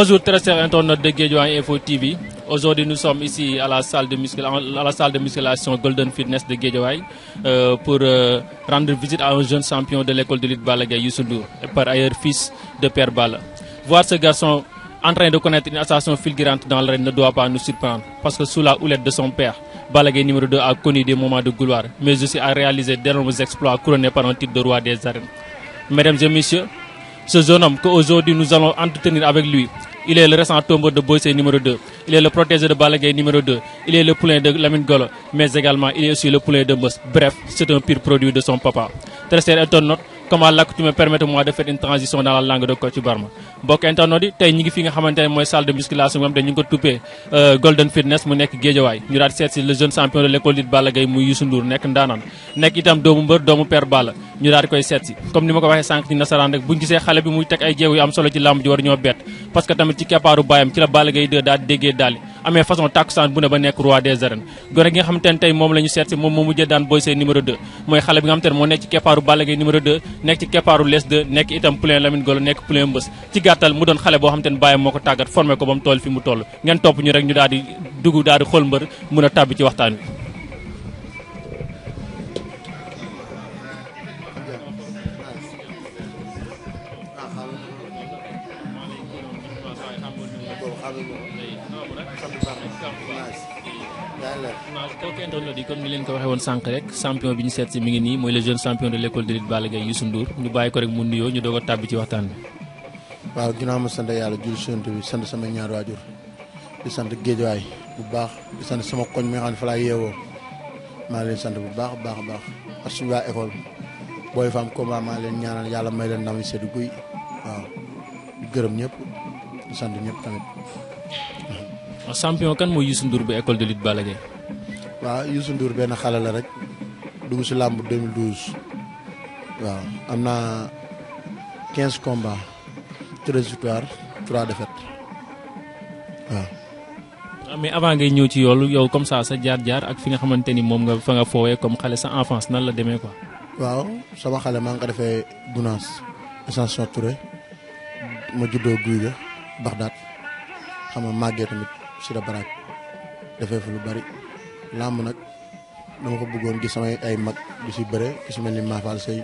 Bonjour très chers internautes de Guédouan Info TV. Aujourd'hui, nous sommes ici à la salle de, musculation, Golden Fitness de Guédiawaï euh, pour euh, rendre visite à un jeune champion de l'école de lutte Balagay Youssou et par ailleurs fils de Père Bala. Voir ce garçon en train de connaître une ascension fulgurante dans le l'arène ne doit pas nous surprendre parce que sous la houlette de son père, Balagay numéro 2 a connu des moments de gloire, mais aussi a réalisé d'énormes exploits couronnés par un titre de roi des arènes. Mesdames et messieurs, ce jeune homme qu'aujourd'hui nous allons entretenir avec lui il est le récent tombeau de Boissé numéro 2. Il est le protégé de Balagay numéro 2. Il est le poulain de Lamine Golo. Mais également, il est aussi le poulain de Moss. Bref, c'est un pire produit de son papa. Très est comme à l'accoutumée permettez-moi de faire une langue de Kocc Barma mbokk internet yi tey ñi ngi fi nga xamante mooy salle de musculation euh, mu nekk Géejawaay ñu daal seet si jeune champion de l'école lutte muy Youssou Ndour nekk ndaanaan nekk itam doomu mbër doomu père Balla ñu daal koy seet comme ni ma ko waxee sànq ci nasaraan rek buñ gisee xale bi muy teg ay jéego yu am solo ci làmb ji war ñoo bett parce tamit ci keppaaru baayam ci la Balla amee façon takkusaan bu ne ba nekk roi des arènes gone gi nga xamante ne tey moom la ñu seet si moom moo mujjee daan Boy Seye numéro mooy xale bi nga xamante ne moo nekk ci keppaaru Balla Gaye numéro 2 nekk ci keppaaru les 2 nekk itam plein Lamine Golo nekk plein mbës ci gàttal mu doon xale boo xamante ne bàyyam moo ko tàggat formé ko ba mu toll fi mu toll ngeen topp ñu rek ñu daal dugg daal xool mbër mën a tàbbi ci waxtaan wi yi comme ni leen ko waxee woon sànq rek champion bi ñu seet si mi ngi nii mooy le jeune champion de l' école de lutte Balla Gaye Youssou Ndour ñu bàyyi ko rek mu nuyoo ñu doog a tàbbi ci waxtaan bi. waaw ginnaaw ma sant yàlla jul sant bi sant sama ñaar waajur di sant géejawaay bu baax di sant sama koñ mi nga xam ne fa laa leen sant bu baax baax baax ak suñu waa école booy faam combat maa leen ñaanal yàlla may leen ndam yu sedd guy waaw gërëm ñëpp di sant ñëpp tamit. champion kan mooy Youssou Ndour bu ecole de lutte Balla waaw Youssou Ndour benn xale la rek dugg si làmb 2012 waaw am naa 15 combats 13 victoires 3 défaites waaw. Ah, mais avant ngay ñëw ci yoolu yow comme ça sa jaar-jaar ak fi nga xamante ni moom nga fa nga foowee comme xale sa enfance nan la demee quoi. waaw sama xale maa ngi ko defee Gunaas Ascension Touré ma juddoo Guy ga Baxdaat xam nga màggee tamit si la baraak defee fa lu bari làmb nak dama ko bëggoon gis sama ay mag bu ci béré ki si mel ni Mafal sey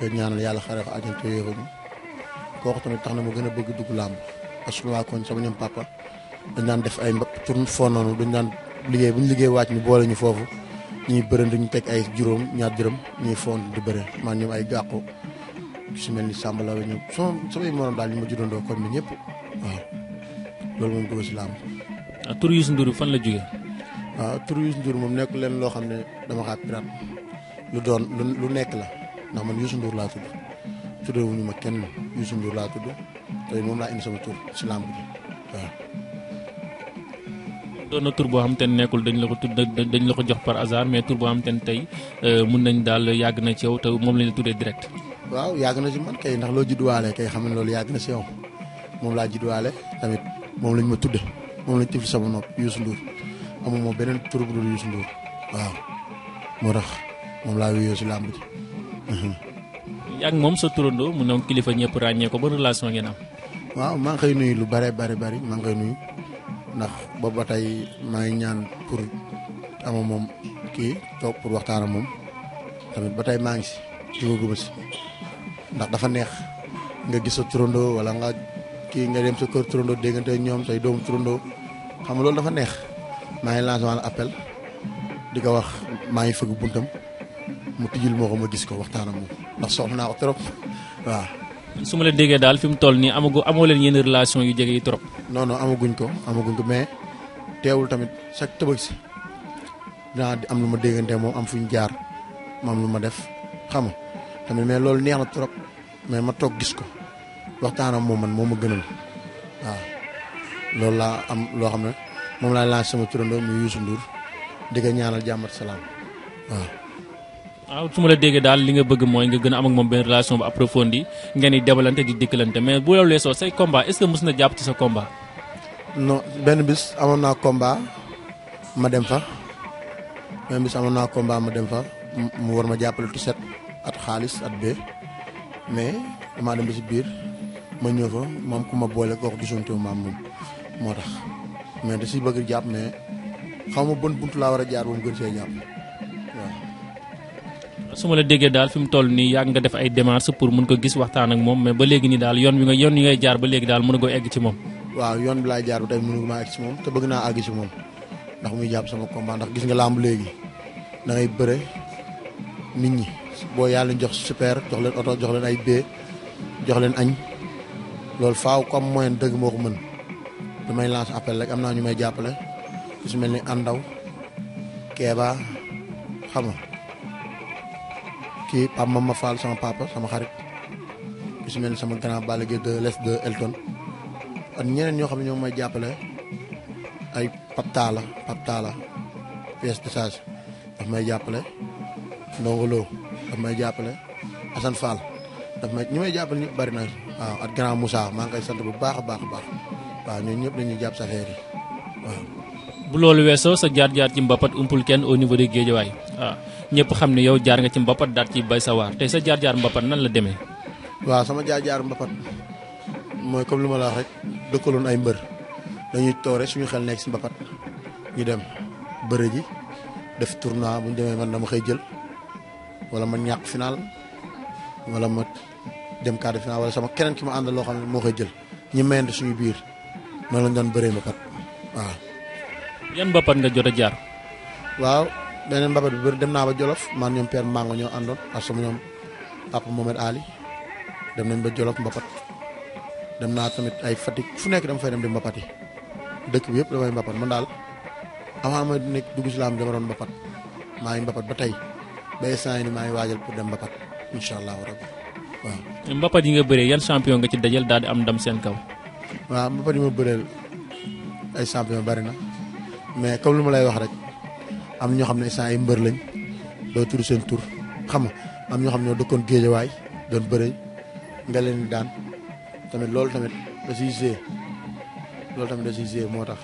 ko ñaanal yalla xare ko àjjana te ko kooku tax na ma gëna bëgg dugg làmb parce que sama ñam papa dañ dan def ay mbab tur foo nonu duñ dan liggéey buñ liggéey wacc ñu boole ñu foofu ñuy bërënd ñu tek ay juroom ñaar juroom ñi fond di bëre maa ñu ay gàqu ki si ni Samba Lawe ñoom sama samay morom daal ñu ma juddandoo koñ bi ñëpp waaw loolu moom dugg si làmb. tur Youssou fan la jógee. waaw ah, tur Youssou Ndour moom nekk leen loo xam ne dama xaat piraat lu doon lu nekk la ndax man Youssou Ndour laa tudd tuddewuñu ma kenn Youssou Ndour laa tudd te moom laa indi sama tur si tur boo xam te ne dañ la ko tudd dañ la ko jox par hasard mais tur boo ne tey euh, mun nañ daal yàgg na ci yow te moom lañ la tuddee direct. waaw yàgg na ci man kay ndax loo judduwaale kay xam ne loolu yàgg na si yow moom laa judduwaale tamit moom lañ ma tudde moom lañ tifli sama nopp Youssou Ndour. amu ma beneen tur bu dul Youssou Ndour waaw moo tax moom laa wéyoo si làmb ji. moom sa turandoo mu ne kilifa ñëpp ràññee ko ba relation ngeen am. waaw maa ngi koy nuyu lu bare bari bari maa ngi koy nuyu ndax boobu ba tey maa ngi ñaan pour ama moom kii toog pour waxtaan moom tamit ba tey maa ngi si jógaguma si ndax dafa neex nga gis sa turandoo wala nga kii nga dem sa kër turandoo déggante ñoom say doomu turandoo xam nga loolu dafa neex. maa ngi lancé waan appel di ko wax maa ngi fëgg buntam mu tijjul moo ko ma gis ko waxtaan ak moom ndax soxla naa ko trop waaw. su ma leen déggee daal fi mu toll nii amagu amoo leen yenn relation yu jege yi trop. non non amaguñ ko amaguñ ko mais teewul tamit chaque tëbëg si dinaa am lu ma déggante moom am fu ñu jaar moom lu ma def xam nga tamit mais loolu neex na trop mais ma toog gis ko waxtaan ak moom man moo ma gënal waaw loolu laa am loo xam ne. moom laa laaj sama turandoo muy Youssou Ndour di ñaanal jàmm ak salaam waaw. su ma la déggee daal li nga bëgg mooy nga gën a am ak moom benn relation bu approfondie ngeen di debalante di dikkalante mais bu loolu weesoo say combat est-ce que mës na jàpp ci sa combat. non benn bis amoon naa combat ma dem fa benn bis amoon naa combat ma dem fa mu war ma jàppale tu set at xaalis at bee mais damaa dem ba si biir ma ñëw fa moom ku ma boole kooku gisantu maam moom moo tax. mais da ci bëgg japp ne xawma bon buntu la wara jaar bu mu gën see jàpp suma la déggee daal fi mu toll nii yàgg nga def ay démarche pour mun ko gis waxtaan ak moom mais ba léegi nii daal yoon bi nga yoon yi ngay jaar ba léegi daal mën ko egg ci moom. waaw yoon bi laay jaar ba tey mënu ma egg ci moom te bëgg naa àgg ci moom ndax muy jàpp sama combat ndax gis nga làmb léegi da ngay bëre nit ñi boo yàlla jox super jox leen oto jox leen ay bee jox leen añ loolu faaw comme moyen dëgg moo ko mën. damay lance appel rek am naa ñu may jàppale ku mel ni àndaw Keeba xam nga kii Pape Mama Fall sama papa sama xarit ku mel ni sama grand Balla Gaye de l'Est de Elton ak ñeneen ñoo xam ne ñoo may jàppale ay Pape Talla Pape Talla pièce de sage daf may jàppale Ndongo Lo daf may jàppale Assane Fall daf may ñi may jàppale ñi bari na waaw ak grand Moussa maa ngi koy sant bu baax a baax a baax waaw ah, ñun ñëpp dañuy jàpp sa affaire ah. yi waaw. bu loolu weesoo sa jaar jaar ci mbapat umpul kenn au oh, niveau de géejawaay waaw ah. ñëpp xam ne yow jaar nga ci mbapat daal ci bay sa waar tey sa jaar jaar mbapat nan la demee. waaw sama jaar jaar mbapat mooy comme lu ma la wax rek dëkkaloon ay mbër dañuy toore suñu xel nekk si mbapat ñu dem bëre ji def tournoi bu ñu demee man dama xëy jël wala ma ñàkk final wala ma dem quart final wala sama keneen ki ma àndal loo xam ne moo koy jël ñu mayante suñu biir noonu lañ doon Ah. mbapat waaw. yan wow, nga jot a jaar. waaw beneen mbapat bi bëri dem naa Jolof man ñoom Père Mango ñoo àndoon ak sama ñoom papa Ali dem nañ ba Jolof mbapat dem naa tamit ay fatik fu nekk dama fay dem di mbapat yi dëkk bi yëpp damay mbapat man daal avant ma nekk dugg ci laam dama doon mbapat maa ngi mbapat ba tey ba instant yi ni maa ngi waajal pour dem mbapat incha allahu rabbi waaw. mbapat yi nga champion nga ci dajal daal am dam seen kaw. waaw mbapat yi ma bëreel ay champion bari na mais comme lu ma lay wax rek am ñoo xam ne instant ay mbër lañ doo tur seen tur xam nga am ñoo xam ne ñoo dëkkoon géejawaay doon bëre nga leen daan tamit loolu tamit da siy gée loolu tamit da siy gée moo tax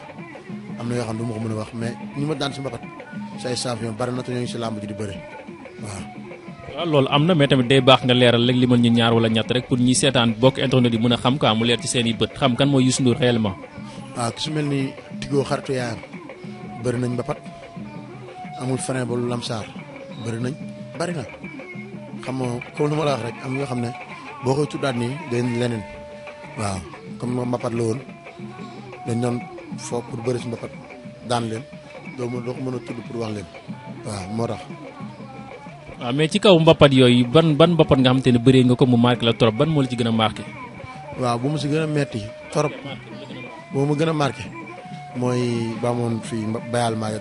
am na yoo xam ne du ma ko mën a wax mais ñu ma daan si mbapat si ay champion bari na te ñoo ngi si làmb ji di bëre waaw waaw loolu am na mais tamit day baax nga leeral rek li mën ñu ñaar wala ñett rek pour ñi seetaan bokk internet yi mën a xam quoi mu leer ci seen bët xam kan mooy Youssou Ndour réellement. waaw ah, ku su mel ni Tigo xaritu yaayam bëri nañ ba pat amul frein ba lu lamsaar bari nañ bëri na xam nga comme lu ma la wax rek am yoo xam ne boo koy tuddaat nii day leneen waaw comme moom mbapat la woon dañ doon foo pour bëri si mbapat daan leen doo mën doo ko mën a tudd pour wax waaw moo tax. waaw ah, mais ci kaw mbappat yooyu ban ban mbappat nga xam te ne bëree nga ko mu marqué la trop ban moo la ci gën a marqué. waaw bu mu si gën a metti trop boo gën a marqué mooy ba amoon fii bayal maa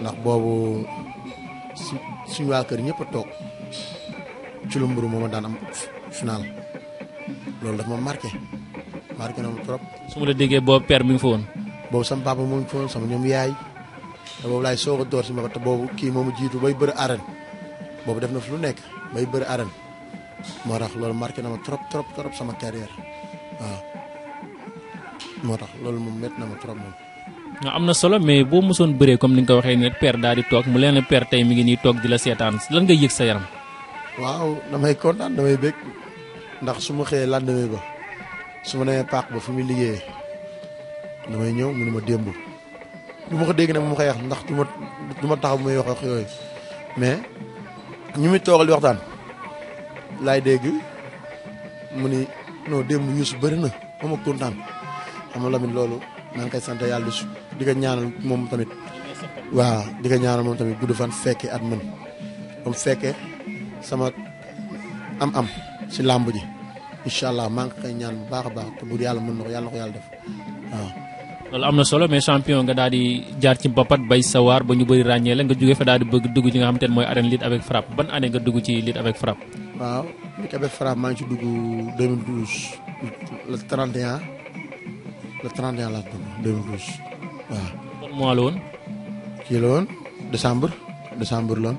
ndax boobu si waa kër ñëpp a toog ci mburu moom daan am final loolu daf ma marqué marqué na ma trop. su ma la déggee boo père mi ngi fa woon. boobu sama papa mu ngi fa woon sama ñoom yaay. boobu laay soog a door si mbapat bobu ki momu jitu bay beur aran bobu def na fu lu bay beur aran mo tax loolu marqué na ma trop trop trop sama carrière waaw mo tax loolu moom met na trop mom nga am solo mais boo mosoon beuré comme ni nga waxé waxee père daal di toog mu leen père tay mi ngi ni tok di la seetaan lan nga yëg sa yaram. waaw damay kontaan damay bég ndax suma xé lan demé ba suma né pak ba fi muy liggéeyee damay ñëw mënu ma dembu du ma ko dégg nag mu koy wax ndax du ma du ma taxaw muy wax wax yooyu mais ñu muy toogal di laay dégg mu ni non démb ñuus bëri na moom ak kontaan xam nga Lamine loolu maa ngi koy sant yàlla di di ko ñaanal moom tamit waaw di ko ñaanal moom tamit gudd fan fekke at man comme fekke sama am-am si làmb ji incha allah maa ngi ñaan bu baax a baax te bu yàlla mën na ko yàlla ko yàlla def waaw. loolu am solo mais champion nga daldi jaar ci bopat bay sawar ba ñu bari ràññee la nga joggé fa daldi bëgg dugg ci nga xamante ne mooy arène lit avec frappe ban année nga dugg ci lit avec frappe waaw lutte avec frappe ma ci dugg 2012 le 31 le 31 la dugg 2012 waaw bon mois la ki kii décembre décembre la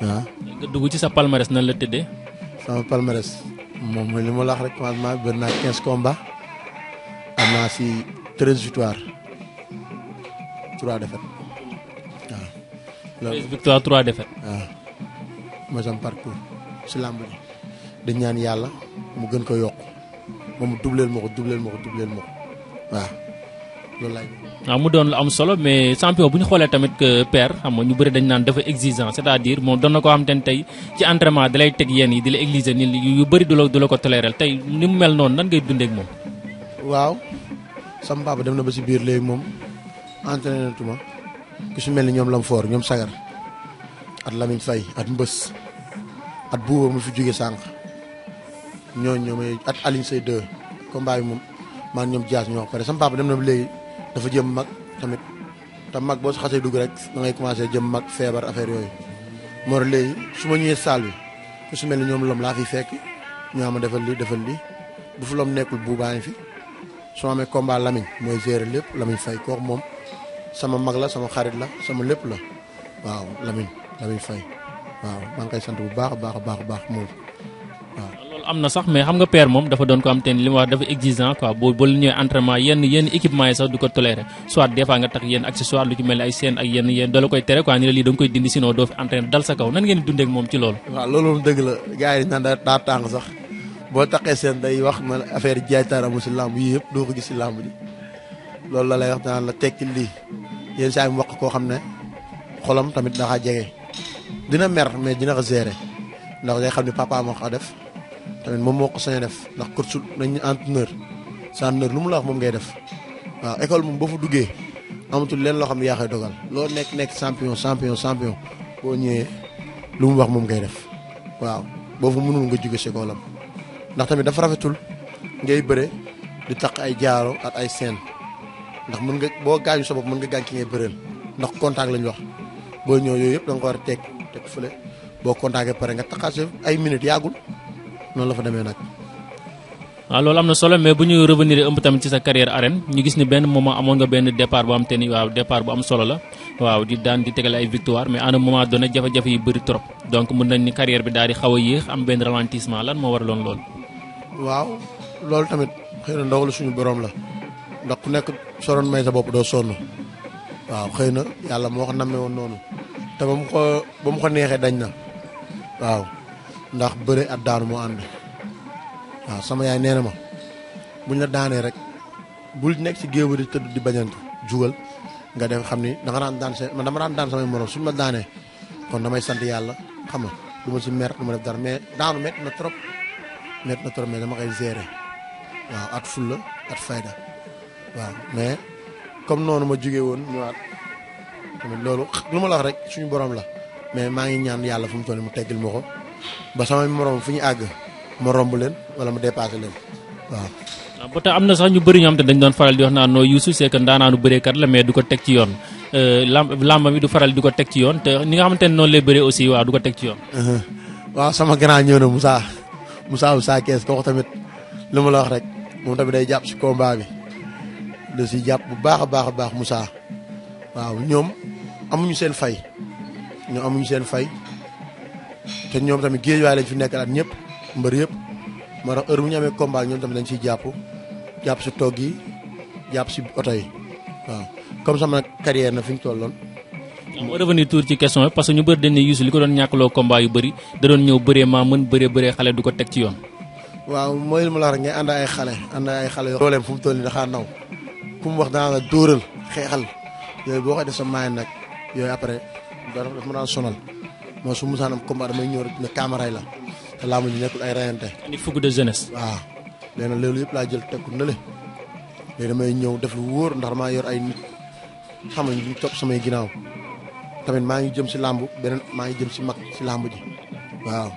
waaw nga dugg ci sa palmarès nan la tédé sama palmarès mom mooy li la wax rek commencement bëri naa 15 combat amna ci si treize victoire trois défaites waaw. treize victoire trois défaites. mooy sama parcours si làmb yàlla mu gën ko yokk moom mu dubleel ma ko dubleel ma ko dubleel ma ko waaw loolu mu doon lu am solo mais champion bu ñu xoolee tamit père xam nga ñu bëri dañ naan dafa exigeant cest à diir moom doon na ko xam te ne tey ci entraînement dalay teg yenn yi di la exiger nii yu bëri du la ko tolérer tey ni mu mel noonu nan ngay dundee moom. waaw sama papa dem na ba si biir léegi moom entraîné tuma ku si mel ni ñoom lam foor ñoom sagar at Lamine Faye at mbës at buuba mu fi jóge sànq ñoo ñoomay at Aline Seye 2 combat bi moom maan ñoom jaas ñoo pare sama papa dem na ba léegi dafa jëm mag tamit te mag boo si xasee dugg rek da ngay commencé jëm mag feebar affaire yooyu moo tax léegi su ma ñëwee saal bi ku si mel ni ñoom lom laa fi fekk ñoo ma defal li defal li bu fu lom nekkul buubaa ngi fi su ma amee combat Lamine mooy gérer lépp Lamine Faye kooku moom sama mag la sama xarit la sama lépp la waaw Lamine Lamine Faye waaw maa koy sant bu baax a baax a baax baax moom waaw. loolu am na sax mais xam nga père moom dafa doon ko am te li ma wax dafa exigeant quoi boo ba lu ñëwee entraînement yenn yenn équipement yi sax du ko toléré soit des nga tax yenn accessoire lu ci mel ay seen ak yenn yenn la koy tere quoi ni lii da koy dindi sinon doo fi entraîné dal sa boo taqee seen day wax ma affaire jaay taaramu si làmb yii yëpp doo ko gis si làmb ji loolu la lay wax daan la tekki lii yenn saa yi mu wax koo xam ne xolam tamit daxa jege dina mer mais dina xa gérer ndax day xam ne papa moo ko def tamit moom moo ko sañ a def ndax kursu nañu entraîneur sa entraîneur lu mu la wax moom ngay def waaw école moom boo fa duggee amatul leen loo xam ne yaa dogal loo nekk nekk sampion champion champion boo ñëwee lu mu wax moom ngay def ndax tamit dafa rafetul ngay bëre di tak ay jaaro ak ay seen ndax mën nga bo gañu sa bopp mën nga gañ ki ngay bëreel ndax contact lañ wax bo ñoo yoy yëpp da nga war tek tek teg bo contacté paré nga taqaas ay minute yagul non la fa démé nak ah loolu amna solo mais bu ñu revenir ëmb tamit ci sa carrière arène ñu gis ni benn moment amon nga benn départ bu am téni waaw départ bu am solo la waaw di daan di tegale ay victoire mais à un moment donné jafé jafé yi bëri trop donc mën nañ ni carrière bi daal di xaw yéex am benn ralentissement lan war waraloon loolu waaw loolu tamit xëy na ndogalu suñu boroom la ndax ku nekk soroon may sa bopp doo sonn waaw xëy na yàlla moo ko nammee woon noonu te ba mu ko neexee dañ na waaw ndax bëre at daanu moo ànd waaw yaay nee ma buñ la daanee rek bul nekk ci géew di tëdd di bañantu jugal nga def xam ni da nga daan daan dama daan daan samay morom suñ ma daanee kon damay sant yàlla xam nga du ma ci mer du ma def dara mais daanu metti na trop. mett na trop mais dama koy gérer waaw at fulla at fayda waaw mais comme noonu ma jugee woon ñëwaat tamit loolu lu ma la wax rek suñu borom la mais maa ngi ñaan yàlla fu mu toll mu teggil ma ko ba samay morom fu ñu àgg ma romb leen wala ma dépassé leen waaw. Ah, ba tax am na sax ñu bëri ñoo xam te dañ doon faral di wax naan noo Youssou c'est que ndaanaanu bëreekat la mais du ko teg ci yoon euh, lamb lamba du faral di ko teg ci yoon te ni nga xamante ne noonu lee bari aussi waa du ko teg ci yoon. waaw sama grand ñëw na Moussa. Moussa Moussa Kees ko wax tamit lu la wax rek moom tamit day jàpp si combat bi da si jàpp bu baax a baax a baax musaa waaw ñoom amuñu seen fay ñoom amuñu seen fay te ñoom tamit géej waay lañ fi nekk nekkalaat ñëpp mbër yëpp ma tax heure bu ñu amee combat ñoom tamit dañ siy jàpp jàpp si togg yi jàpp si oto yi waaw comme sama carrière na fi ñu tolloon ma revenir tuur ci question parce que ñu bëri dañ ne Youssou li ko doon ñàkkloo combat yu bëri da doon ñëw bëree maa mën bëree bëree xale du ko teg ci yoon. waaw mooy li ma la wax rek ngay ànd ay xale ànd ay xale yoo dooleem fu mu toll nii dafa naw fu mu wax dana la dóoral xeexal yooyu boo koy def sa maay nag yooyu après dafa dafa mën a sonal moo su musaanam combat damay ñëw rek ne caméra la te laa mujj nekkul ay rayante. indi fougue de jeunesse. waaw léegi nag loolu yëpp laa jël teg ko nële léegi damay ñëw def lu wóor ndax damaa yor ay nit xam nga ñu samay ginnaaw tamit maa ngi jëm si làmb beneen maa ngi jëm si mag si làmb ji waaw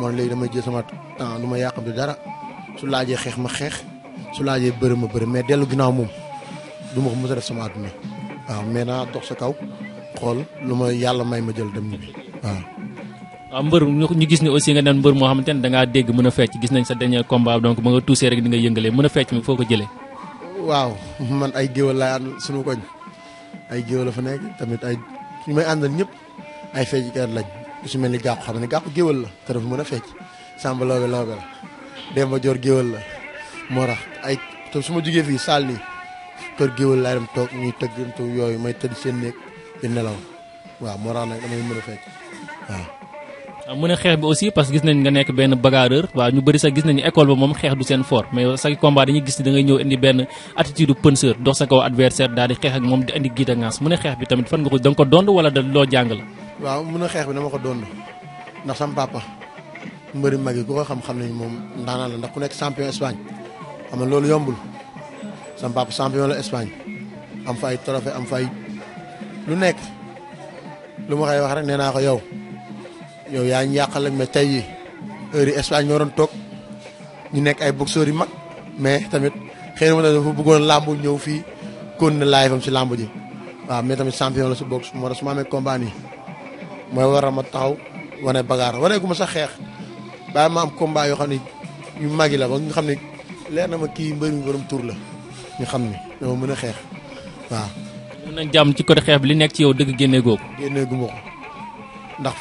moom léegi damay jël sama temps lu ma bi dara su laajee xeex ma xeex su laajee bëri ma bëri mais dellu ginnaaw moom du ma mu mos a def sama àdduna waaw mais naa dox sa kaw xool lu ma yàlla may ma jël dem ñibbi waaw. waaw mbër ñu gis ne aussi nga naan mbër moo xamante ne da ngaa dégg mën a fecc gis nañ sa dernier combat donc ba nga tuusee rek di nga yëngalee mën a fecc foo ko jëlee. waaw man ay géwël laa sunu koñ ñu may àndal ñëpp ay fecckat lañ ku si mel ni gàqu xam ne gàqu géwal la te dafa mën a fecc Samba loobe loobe la Demba Joor géwal la moo tax ay te su ma jugee fii saal nii kër géwal laay dem toog ñuy tëgg yooyu may tëdd seen néeg di nelaw waaw moo tax nag damay mën a fecc waaw Ah, mu ne xeex bi aussi parce que gis nañ nga nekk benn bagarreur waaw ñu bëri sax gis nañu école ba moom xeex du seen fort mais sax combat dañuy gis ni da ngay ñëw indi benn attitude penseur dox sa kaw adversaire daal di xeex ak moom di indi giita ngaas mu ne xeex bi tamit fan nga ko da nga ko dond wala da loo jàng la waaw mu ne xeex bi dama ko dond ndax sama papa mag yi ku ko xam-xam nañ moom ndaanaan la ndax ku nekk champion Espagne xam nga loolu yombul sama papa champion la Espagne am fa ay trophée am fa ay lu nekk lu ma wax rek nee naa ko yow yow yaa ñu yàqal mais tey yi heure yi Espagne ñoo doon toog ñu nekk ay boxeurs yu mag mais tamit xëy na ma dafa bëggoon làmb ñëw fii kon na laay fam si làmb ji waa mais tamit champion la si boxe moo tax su ma amee combat mooy war a ma taxaw wane bagaar wane gu ma sax xeex bàyyi ma am combat yoo xam ne yu mag yi la ba nga xam ne leer na ma kii mbëri borom tur la ñu xam ne dama mën a xeex waaw. mën nañ jàmm ci côté xeex bi li nekk ci yow dëgg génne googu. génne gu ma ko ndax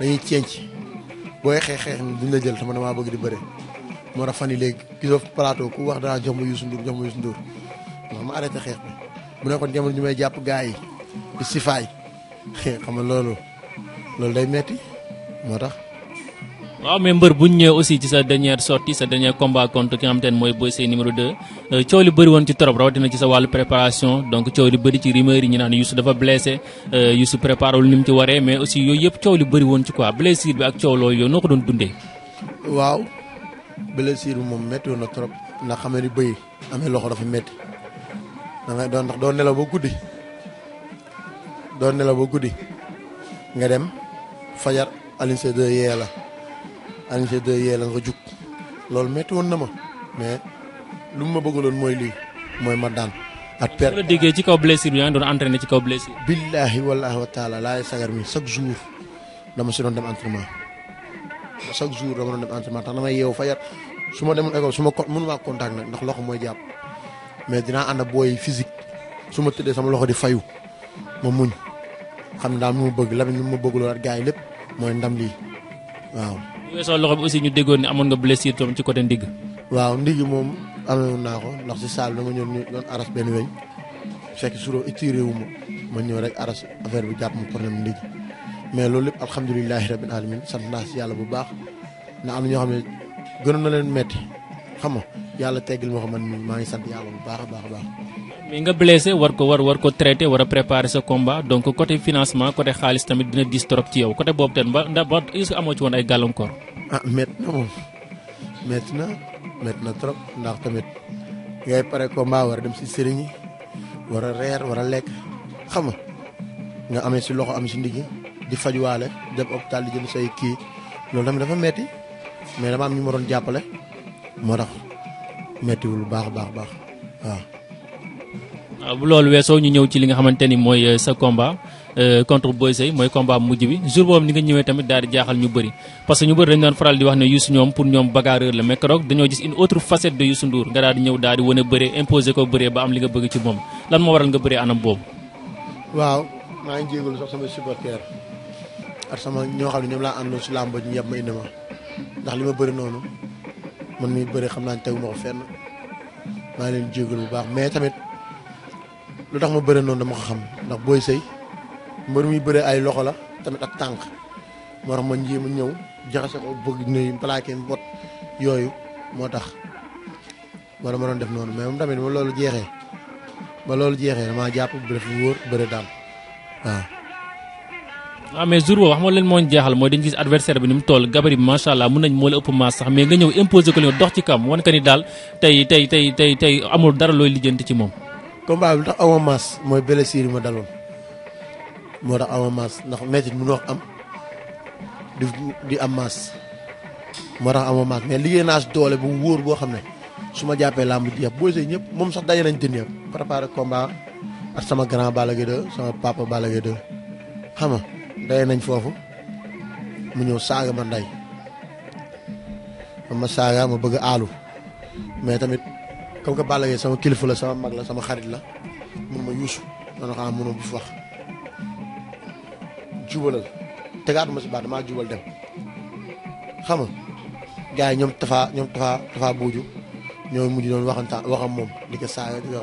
dañuy ceeñc booy xeex xeex ni duñ la jël te damaa bëgg di bëre moo tax fan yi léegi ki doon ku wax daa jox ma Youssou Ndour jox ma Youssou Ndour ma ma arrêté xeex bi bu nekkoon jamono ñu may jàpp gars yi di sifaay xam nga loolu loolu day metti moo tax waaw ah, mais bu buñ ñëw aussi ci sa dernière sortie sa dernier combat contre ki nga xamante ne mooy Boy Sey numéro 2 eh, coow li bëri woon ci torop rawatina ci sa wàllu préparation donc coow li bëri ci rumeur yi ñu naan Youssou dafa blessé eh, Youssou préparé lu ni ci waree mais aussi yooyu yëpp coow li bëri woon ci quoi blessure bi ak coow loolu yow noo ko doon dundee waaw blessure bi moom métti woon na trop ndax xamee ni bëy amee loxo dafa métti da ngay doon ndax doo nelaw ba guddi doo nelaw ba guddi nga dem fajar Aline Seye yee la Angers 2 yee la nga juk lol metti won na ma mais lu ma bëggaloon mooy lii mooy ma dan at per la déggee ci kaw blessure bi nga doon entraîner ci kaw blessure billahi wallahi wa taala la sagar mi chaque jour dama ci doon dem entraînement chaque jour dama doon dem entraînement tax dama yew fayat su ma demul école suma ko mënu maa contact nak ndax loxo moy japp mais dina and boy physique suma ma sama loxo di fayu mo muñ xam daal mu ma bëgg lamin mu ma bëgg loolu at gars yi lépp ndam li waaw bu weesoo loxo bi aussi ñu déggoon ni amoon nga blessure tam ci côté ndigg waaw ndigg moom amewoon naa ko ndax si saal dama ñëw ñu doon aras benn weñ fekk suroo étiré wu ma ma ñëw rek aras affaire bi jàpp ma problème ndigg mais loolu lépp alhamdulilahi rabbil alamin sant naa si yàlla bu baax na am na ñoo xam ne gënoon na leen metti xam nga yàlla teggil ma ko man maa ngi sant yàlla bu baax a baax a baax mais nga blessé war ko war war ko traité war a préparer sa combat donc côté financement côté xaalis tamit dina diis trop ci yow côté boobu tamit ba ndax ba est-ce que amoo ci woon ay ah, na na trop ndax tamit ngay pare combat war a dem si sëriñ yi war a reer war a lekk xam nga nga amee si loxo am si ndigg di fajuwaale dem hôpital di jënd say kii loolu tamit dafa metti mais dama am ñu ma doon jàppale moo tax mettiwul bu baax a baax baax waaw. waaw euh, bu loolu weesoo ñu ñëw ci li nga xamante ni mooy euh, sa combat euh, contre Boy mooy combat mujj bi jour boobu ni nga ñëwee tamit daal jaaxal ñu bëri parce ñu bëri dañu doon faral di wax ne Youssou ñoom pour ñoom bagarreur la mais keroog dañoo gis une autre facette de Youssou Ndour nga daal ñëw daal di wane bëree imposer ko bëree ba am li nga bëgg ci moom lan moo waral nga bëree anam boobu. waaw maa ngi jégalu sax sama supporter ak sama ñoo xam ne ñoom laa àndoon noonu lu tax ma bëre noonu dama ko xam ndax booy sëy mbër muy bëre ay loxo la tamit ak tànk moo tax ma njéem a ñëw jaxase ko bëgg nuyu plaqué bot yooyu moo tax moo dama doon def noonu mais moom tamit ma loolu jeexee ba loolu jeexee damaa jàpp bëre fu wóor bëre daal waaw. waaw mais jour boobu wax nga leen moo ñu jeexal mooy dañu gis adversaire bi ni mu toll gabari bi macha allah mun nañ moo la ëpp maas sax mais nga ñëw imposer ko li dox ci kam wan ka daal tey tey tey tey tey amul dara looy lijjanti ci moom. combat bi tax awa mas moy blessure yi ma daloon moo tax awa mas ndax metti mu wax am di di am mas mo tax awa mas mais liggéey nas doole bu woor bo xam suma jappé lamb di làmb boy sey ñep mom sax dañ nañ dën yëpp combat ak sama grand Balla de sama papa Balla de 2 xam nga daje nañ fofu mu ñew saaga ma nday ma saaga ma bëgg alu mais tamit comme que Balla Gaye sama kilifa la sama mag la sama xarit la mun ma yuusu man xam mënoo bu fi wax jubalal tegaat ma si baat damaa jubal dem xam nga gars yi ñoom tafaa ñoom tafaa Tafa Buuju ñooy mujj doon waxanta waxam moom di saaga di ko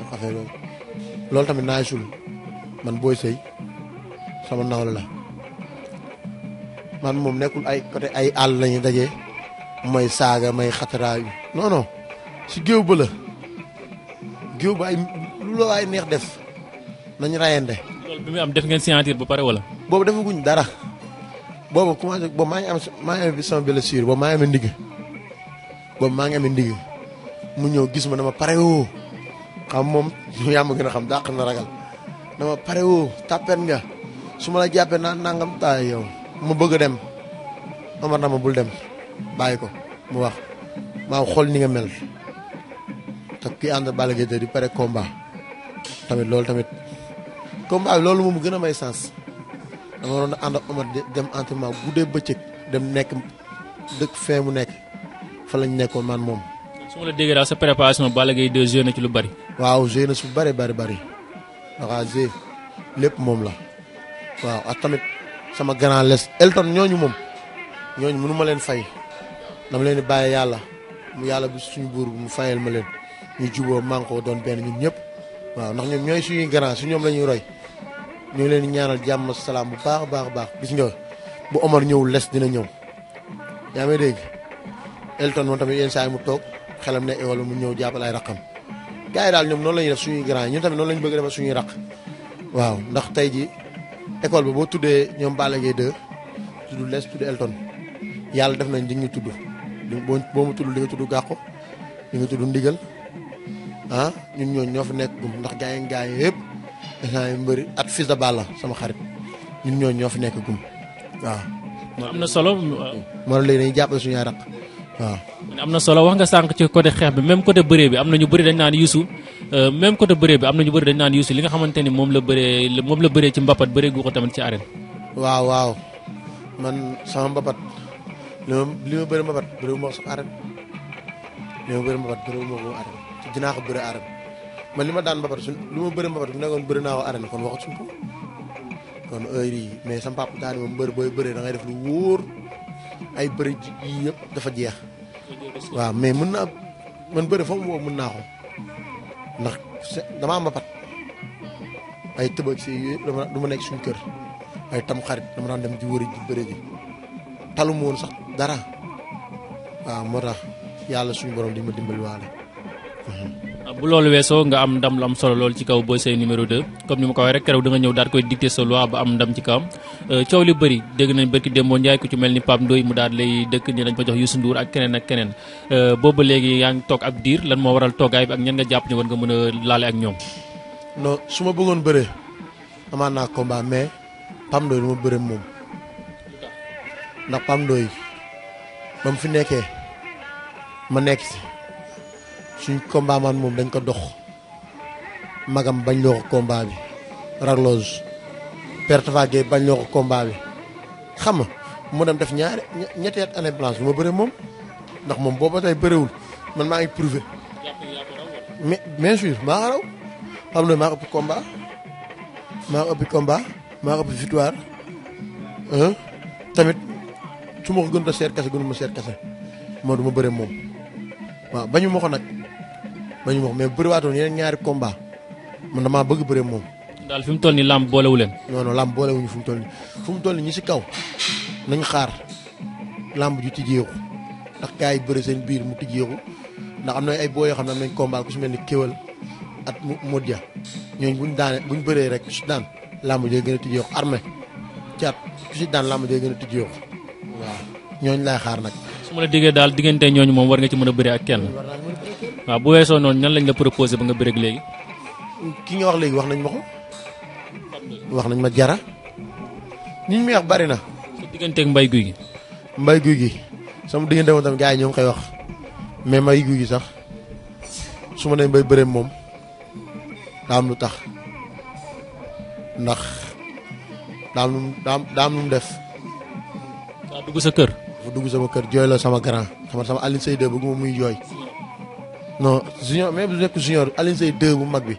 loolu tamit naay sul man booy sëy sama nawle la man moom nekkul ay côté ay àll lañuy dajee may saaga may xataraayu non si géew ba la géew baay lu la waay neex def nañ rayante. loolu bi muy am def ngeen signature bu pare wala. boobu defaguñ dara boobu commencé boobu maa ngi am maa ngi amee sama blessure boobu maa ngi amee ndigg boobu maa ngi amee ndigg mu ñëw gis ma dama pare woo xam moom yaa ma gën a xam dàq na ragal dama pare woo tàppeen nga su ma la jàppee naa nangam taay yow ma bëgg dem Omar na bul dem bàyyi ko mu wax maa xool ni nga mel. kii ànd Balla Gaye 2 di pare combat tamit loolu tamit combat bi loolu moom gën a may sens dama waroon a ànd ak Omar dem entraînement guddee bëccëg dem nekk dëkk fee mu nekk fa lañ nekkoon man moom. su ma la déggee daal sa préparation Balla Gaye 2 joué na ci lu bari. waaw joué na su bari bari bari waaw joué lépp moom la waaw ak tamit sama grand les Elton ñooñu moom ñooñu mënu leen fay dama leen di yàlla mu yàlla bi suñu buur mu fayal ma leen. ñu juboo mànkoo doon benn ñun ñëpp waaw ndax ñoom ñooy suñuy grand su ñoom la ñuy roy ñu ngi leen ñaanal jàmm salaam bu baax baax baax gis nga bu Omar ñëwul les dina ñëw yaa may dégg Elton moom tamit yenn saa mu toog xelam ne wala mu ñëw jàppal ay raqam gars yi daal ñoom noonu la ñuy def suñuy grand ñun tamit noonu la ñu bëgg defal suñuy raq waaw ndax tey ji école bi boo tuddee ñoom Balla Gaye 2 tudd les tudd Elton yàlla def nañ di tudd boo mu tudd di nga tudd di nga ah ñun ñoo ñoo nek nekk ndax gaay gaay yëpp gaay mbeuri at fils de bala sama xarit ñun ñoo ñoo fi nekk gum waaw am na solo mo la lay dañuy jàppale suñu rak waaw amna solo wax nga sank ci côté xex bi même côté bëree bi amna ñu bëri dañ naan yusu euh, même côté bëree bi amna ñu bëri dañ naan yusu li nga xamanteni mom la bëree mom la bëree ci mbapat bëree gu ko tamit ci arène waaw waaw man sama mbapat lima lima bëri mbapat bëri mo sax arène lima ma mbapat bëri mo ko arène dina ko beure arène man li ma daan mbapat suñ li ma bëri mbapat bu beure bëri ko kon waxu sun ko kon heure mais sam papa daal mo mbër boy beure da ngay def lu woor ay beure ji yëpp dafa jeex wa mais mën na man beure fam wo mën na ko ndax ma pat ay tëbëg si luma nek sun keur ay tam xarit dama daan dem di wëri di beure ji talum won sax dara wa moo tax yàlla suñu borom di ma dimbali walé Mm-hmm. bu loolu weesoo nga am ndam lu am solo loolu ci kaw Boy Seye numéro de comme ni ma ko waxee rek keroog da nga ñëw daal koy dicté sa loi am ndam ci kawam euh, coow li bëri dégg nañ bërki Demba Ndiaye ku ci mel ni Pape Ndoye mu daal lay dëkk ni dañ ma jox Youssou Ndour ak keneen ak keneen euh, boobu léegi yaa ngi toog ab diir lan moo waral toogaay bi ak ñan nga jàpp ne war nga mën a laale ak ñoom. non su ma bëggoon bëree amaan naa combat mais Pape Ndoye du ma bëree moom ndax fi nekkee nekk suñ combat moom dañ ko dox magam bañ loo ko combat bi ragloge perte vague bañ loo ko combat bi xam nga mu dem def ñaari ñetti at année blanche bu bëree moom ndax moom booba tey bëriwul man maa ngi prouvé mais bien sûr maa ko raw xam ne maa ko ëpp combat maa ko ëpp victoire tamit su ma ko gën a seet kese gënu ma seet kese moo du ma bëree moom waaw bañu ko nag nañu wax mais bëri woon yeneen ñaari combat man damaa bëgg bëre moom. dal fi tolni toll bolé lamb boolewu non non lamb bolé fi mu toll nii fu mu ñi ci kaw nañ xaar lamb ju tijéxu ndax gaay yi bëri seen biir mu tijéxu ndax amna ay boy yoo xam nañ combat ku ci melni kewal at Modja ñooñu buñ daane buñ bëree rek ci daan lamb jooy gëna tijéxu tijjeeku armée caat ku ci daan lamb jooy gëna tijéxu waaw ñooñu laay xaar nak su ma la déggee daal diggante ñooñu mom war nga ci mëna a ak kenn. waaw bu weesoo noonu ñan lañ la proposé ba nga bëreeg léegi. ki nga wax léegi wax nañ ma ko. wax nañ ma jara. ñi ñu may wax bari na. sa digganteeg mbay guy gi. mbay guy gi sama diggante moom tam gaa yi ñoo ngi koy wax mais mbay guy gi sax su ma nee mbay bëreem moom daa lu tax ndax daa lu daam daam lu mu def. daa dugg sa kër. dafa dugg sama kër jooy sama grand xam sama Alioune Seye de bëgguma muy jooy. non junior même bu nekk junior Alioune Seye bu mag bi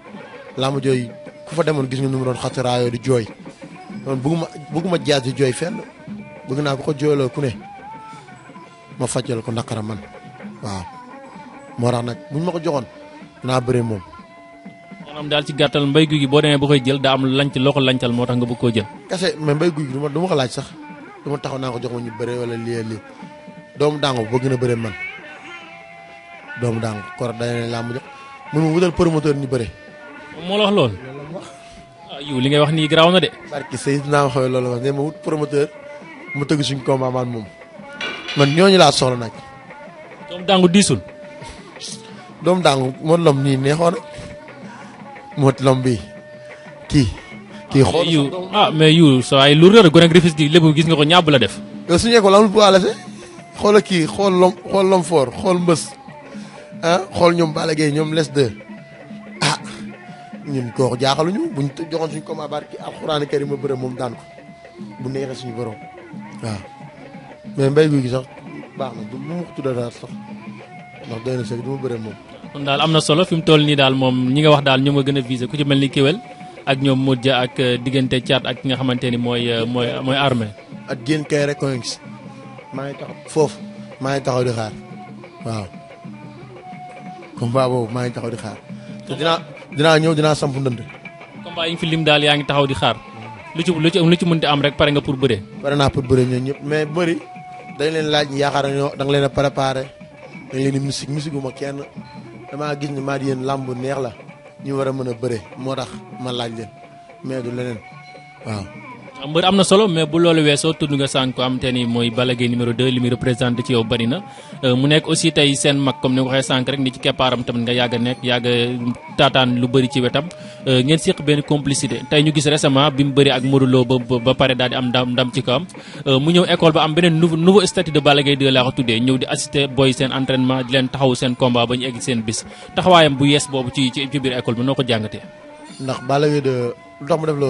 làmb jooy ku fa demoon gis nga nu mu doon xasaraayoo di jooy man bëgguma bëgguma jaas di jooy fenn bëgg naa ko ko ku ne ma fajal ko naqara man waaw moo tax nag buñ ma ko joxoon naa bëre moom. maanaam daal ci gàttal mbay guy gi boo demee ba koy jël daa am lanc loo ko lancal moo tax nga bëgg koo jël. kese mais mbay guy gi du ma du ma ko laaj sax du ma taxaw naa ko jox ma ñu bëre wala lii lii doomu daango bëgg na bëre man. dom dang kor dañ lamb jox mënu wutal promoteur ñu bëre mo la wax lool yu li ngay wax ni graw na dé barki sayyidina wax lool wax né ma wut promoteur mu teug suñ combat man mom man ñoñu la solo nak dom dangu disul dom dang mo lom ni neexon mo lom bi ki ki xol ah mais yu ah, sa ay lourdeur gone griffis gi lebu gis nga ko ñabula def yow suñu ko lamul pour xol e. ki xol lom xol lom for xol mbeus Ah, xool ñoom Balla Gaye ñoom les deux ah ñun kooku jaaxaluñu buñ joxoon suñu combat barki alxuraan karim ma bëre moom daan ko bu neexee suñu borom waaw ah, mais mbay guy gi sax baax na du mu tudda daal sax ndax doy na ma bëre moom. daal am na solo fi mu toll nii daal moom ñi nga wax daal ñoom nga gën a visé ku ci mel ni kéwél ak ñoom ja ak euh, diggante Thiat ak ki nga xamante ni mooy euh, mooy mooy armée. ak génn kay rek maa ngi taxaw foofu maa ngi taxaw di xaar waaw. combat boobu maa ngi taxaw di xaar te dinaa dinaa ñëw dinaa samp ndënd combat yi nga fi lim daal yaa ngi taxaw di xaar lu ci lu ci lu ci mënti am rek pare nga pour bëre pare naa pour bëre ñoom ñëpp mais bëri dañ leen laaj yaakaar ñoo da leen a préparé dañ leen di musique musique bu ma kenn damaa gis ni maa di yéen làmb neex la ñu war a mën a bëre moo tax ma laaj leen mais du leneen waaw mbër am na solo mais bu loolu weesoo tudd nga sànq ko am te ni mooy Balla Gaye numéro 2 li muy représenté ci yow bari na euh, mu nekk aussi tey seen mag comme ni nga ko waxee rek ni ci keppaaram tamit nga yàgg nekk yàgg taataan lu bëri ci wetam euh, ngeen séq benn complicité tey ñu gis récemment bi mu bëri ak Modou Lo ba ba pare daal di am ndam ndam ci kawam euh, mu ñëw école ba am beneen nouveau nouveau statut de Balla Gaye 2 tuddee ñëw di assister booy seen entraînement leen taxaw seen combat ba ñu egg seen bis taxawaayam bu yees boobu ci ko jàngatee. ndax Balla Gaye 2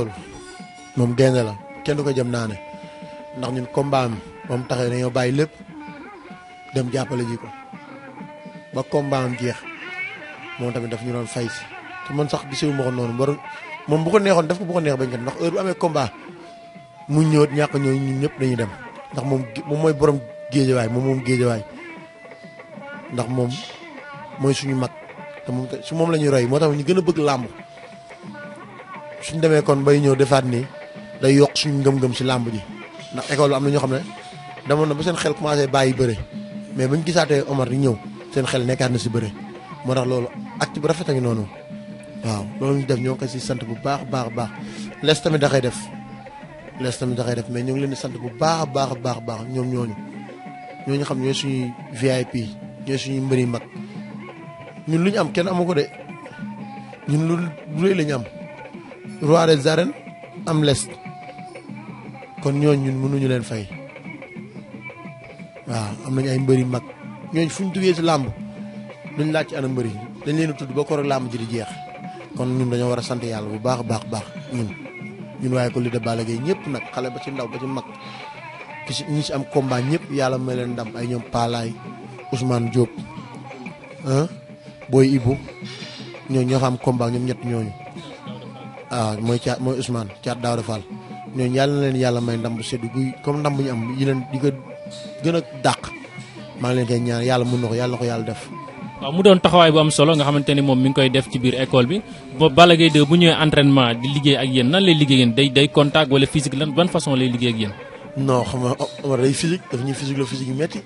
lu tax kenn du ko jëm naane ndax ñun combat am moom taxee dañoo bàyyi lépp dem jàppale ji ko ba combat am jeex moom tamit daf ñu doon fay si man sax gisewu ma ko noonu war moom bu ko neexoon def ko bu ko neex bañ ko ndax heure bu amee combat mu ñëwat ñàkk ñëw ñun ñëpp dañuy dem ndax moom moom mooy borom géejawaay moom moom géejawaay ndax moom mooy suñu mag te moom su moom lañuy ñuy roy moo tax ñu gën a bëgg làmb suñ demee kon bay ñëw defaat nii day yokk suñu ngëm-ngëm si làmb ji ndax école bi am na ñoo xam ne demoon na ba seen xel commencé bàyyi bëre mais bañ gisaatee Omar di ñëw seen xel nekkaat na si bëre moo tax loolu acte rafet a ngi noonu waaw loolu def ñoo ko si sant bu baax baax baax les tamit da def les tamit da def mais ñu ngi leen di sant bu baax baax baax baax ñoom ñooñu ñooñu xam ñooy suñuy VIP ñooy suñuy mbëri mag ñun lu ñu am kenn amu ko de ñun lu rëy la ñu am roi des arènes am les kon ñooñu ñun mënuñu leen fay waaw am nañu ay mbëri mag ñooñu fu ñu duggee si làmb duñ laaj ci ana mbëri dañ leen a tudd ba ko rek làmb ji di jeex kon ñun dañoo war a sant yàlla bu baax baax baax ñun ñun waaye ko li de Balla Gaye ñëpp nag xale ba ci ndaw ba ci mag ki si ñi am combat ñëpp yàlla may leen dam ay ñoom Palaay Ousmane jóob ah Boy Ibou ñoo fa am combat ñoom ñett ñooñu waaw ah, mooy Thiat mooy Ousmane Thiat Daouda Fall ñooñu yàlla na leen yàlla may ndam sedd guy comme ndam bu ñu am yi leen di ko gën a dàq maa ngi leen koy ñaan yàlla mun na ko yàlla ko yàlla def. waaw mu doon taxawaay bu am solo nga xamante ni moom mi ngi koy def ci biir école bi ba Balla Gaye 2 bu ñëwee entraînement di liggéey ak yéen nan lay liggéey yéen day day contact wala physique lan ban façon lay liggéey ak yéen. non xam nga Omar day daf ñuy physique la physique yu métti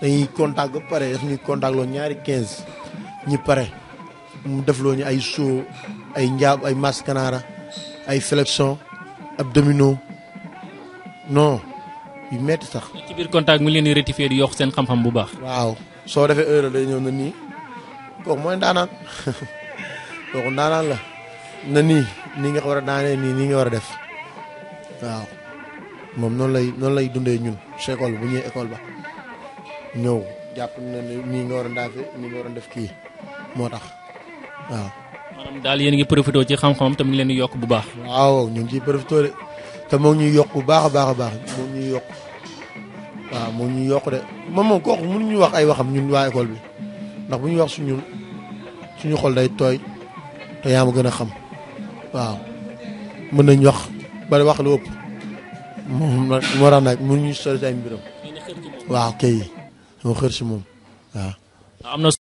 dañuy contact ba pare daf ñuy contact ñaari 15 ñi pare mu def loo ay saut ay ay masse ay flexion abdominaux non yu metti sax. ci biir contact mu leen di rectifier di yokk seen xam-xam bu baax. waaw soo defee heure day ñëw na nii kooku mooy ndaanaan kooku ndaanaan la na nii nii nga ko war a daanee nii nii nga war a def waaw moom noonu lay noonu lay dundee ñun ci école bu ñëwee école ba ñëw jàpp na ne nii nga war a ndaafe nii nga war a def kii moo tax waaw. maanaam daal yéen ngi profité ci xam-xamam te mu ngi leen di yokk bu baax. waaw ñu ngi ciy de te moom ngi ñuy yokk bu baax baax a baax moo ngi ñuy yokk waaw moom ngi ñuy yokk de moom moom kooku mënuñu wax ay waxam ñun waa école bi ndax bu ñu wax suñu suñu xol day tooy te yaa ma gën a xam waaw mën nañ wax bari wax lu ëpp moom nag moo tax nag mënuñu sori ay mbiram waaw kay moo xër si moom waaw.